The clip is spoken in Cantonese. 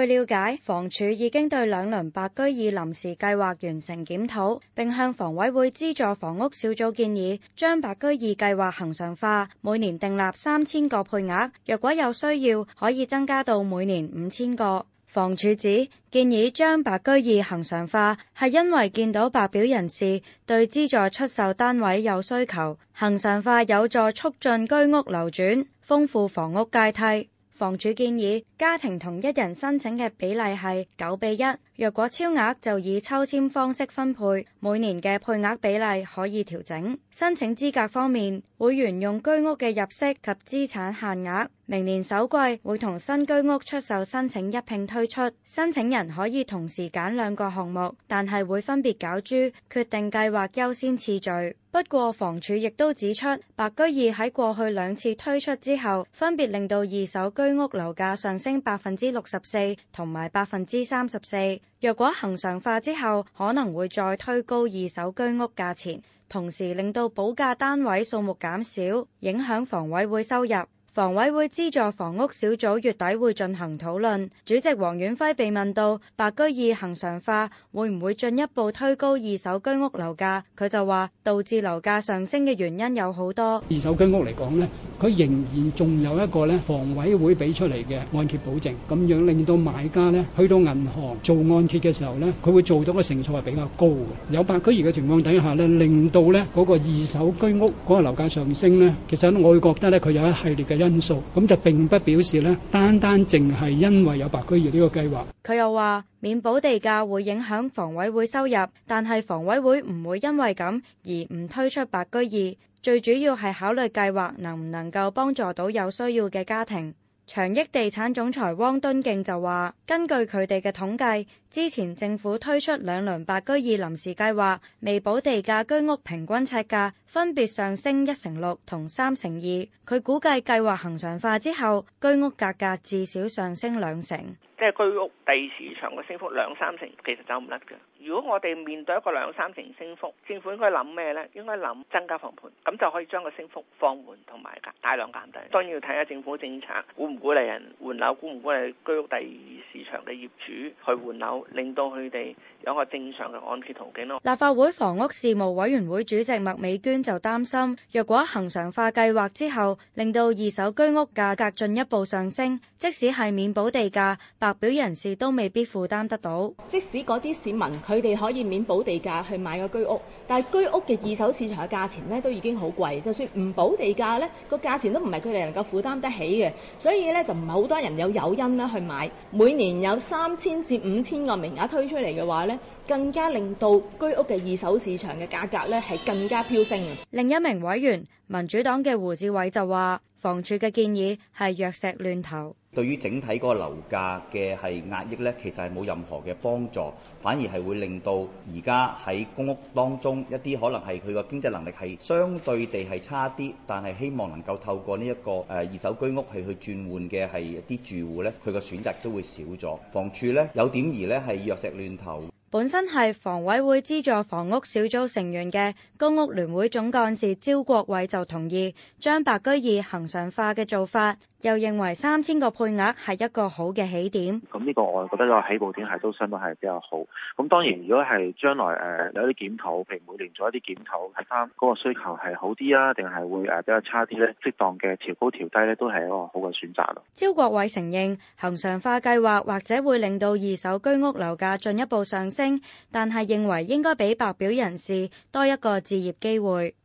據了解，房署已經對兩輪白居二臨時計劃完成檢討，並向房委會資助房屋小組建議，將白居二計劃恆常化，每年訂立三千個配額，若果有需要，可以增加到每年五千個。房署指，建議將白居二恆常化，係因為見到白表人士對資助出售單位有需求，恆常化有助促進居屋流轉，豐富房屋階梯。房署建議家庭同一人申請嘅比例係九比一，若果超額就以抽籤方式分配。每年嘅配額比例可以調整。申請資格方面，會沿用居屋嘅入息及資產限額，明年首季會同新居屋出售申請一併推出。申請人可以同時揀兩個項目，但係會分別攪珠，決定計劃優先次序。不過房署亦都指出，白居二喺過去兩次推出之後，分別令到二手居屋樓價上升百分之六十四同埋百分之三十四。若果恒常化之後，可能會再推高二手居屋價錢。同時令到補價單位數目減少，影響房委會收入。房委會資助房屋小組月底會進行討論。主席黃遠輝被問到，白居易恆常化，會唔會進一步推高二手居屋樓價？佢就話，導致樓價上升嘅原因有好多。二手居屋嚟講，佢仍然仲有一個房委會俾出嚟嘅按揭保證，噉樣令到買家去到銀行做按揭嘅時候，佢會做到嘅成數係比較高嘅。有白居易嘅情況底下，令到嗰個二手居屋嗰個樓價上升，其實我會覺得，佢有一系列嘅因素，咁就並不表示呢單單淨係因為有白居二呢個計劃。佢又話，免補地價會影響房委會收入，但係房委會唔會因為咁而唔推出白居二。最主要係考慮計劃能唔能夠幫助到有需要嘅家庭。長益地產總裁汪敦敬就話，根據佢哋嘅統計，之前政府推出兩輪白居二臨時計劃，未補地價居屋平均尺價，分別上升一成六同三成二，佢估計計劃恒常化之後，居屋價格至少上升兩成。即係居屋第二市場嘅升幅兩三成，其實走唔甩嘅。如果我哋面對一個兩三成升幅，政府應該諗咩呢？應該諗增加房盤，咁就可以將個升幅放緩同埋大量減低。當然要睇下政府政策鼓唔鼓勵人換樓，鼓唔鼓勵居屋第二市場嘅業主去換樓，令到佢哋有個正常嘅按揭途徑咯。立法會房屋事務委員會主席麥美娟就擔心，若果恒常化計劃之後，令到二手居屋價格進一步上升，即使係免補地價，白表人士都未必負擔得到。即使嗰啲市民佢哋可以免補地價去買個居屋，但係居屋嘅二手市場嘅價錢呢都已經好貴，就算唔補地價呢，個價錢都唔係佢哋能夠負擔得起嘅，所以呢就唔係好多人有誘因啦去買每。前有三千至五千個名額推出嚟嘅話咧，更加令到居屋嘅二手市場嘅價格咧係更加飆升。另一名委員，民主黨嘅胡志偉就話，房署嘅建議係弱石亂投。對於整體嗰個樓價嘅係壓抑咧，其實係冇任何嘅幫助，反而係會令到而家喺公屋當中一啲可能係佢個經濟能力係相對地係差啲，但係希望能夠透過呢一個誒二手居屋係去轉換嘅係一啲住戶呢，佢個選擇都會少咗。房署呢有點兒呢係弱石亂投。本身係房委會資助房屋小組成員嘅公屋聯會總幹事招國偉就同意將白居二恆常化嘅做法。又認為三千個配額係一個好嘅起點。咁呢個我覺得個起步點係都相對係比較好。咁當然，如果係將來誒有啲檢討，譬如每年做一啲檢討，睇翻嗰個需求係好啲啊，定係會誒比較差啲咧，適當嘅調高調低咧，都係一個好嘅選擇咯。招國偉承認，恒常化計劃或者會令到二手居屋樓價進一步上升，但係認為應該俾白表人士多一個置業機會。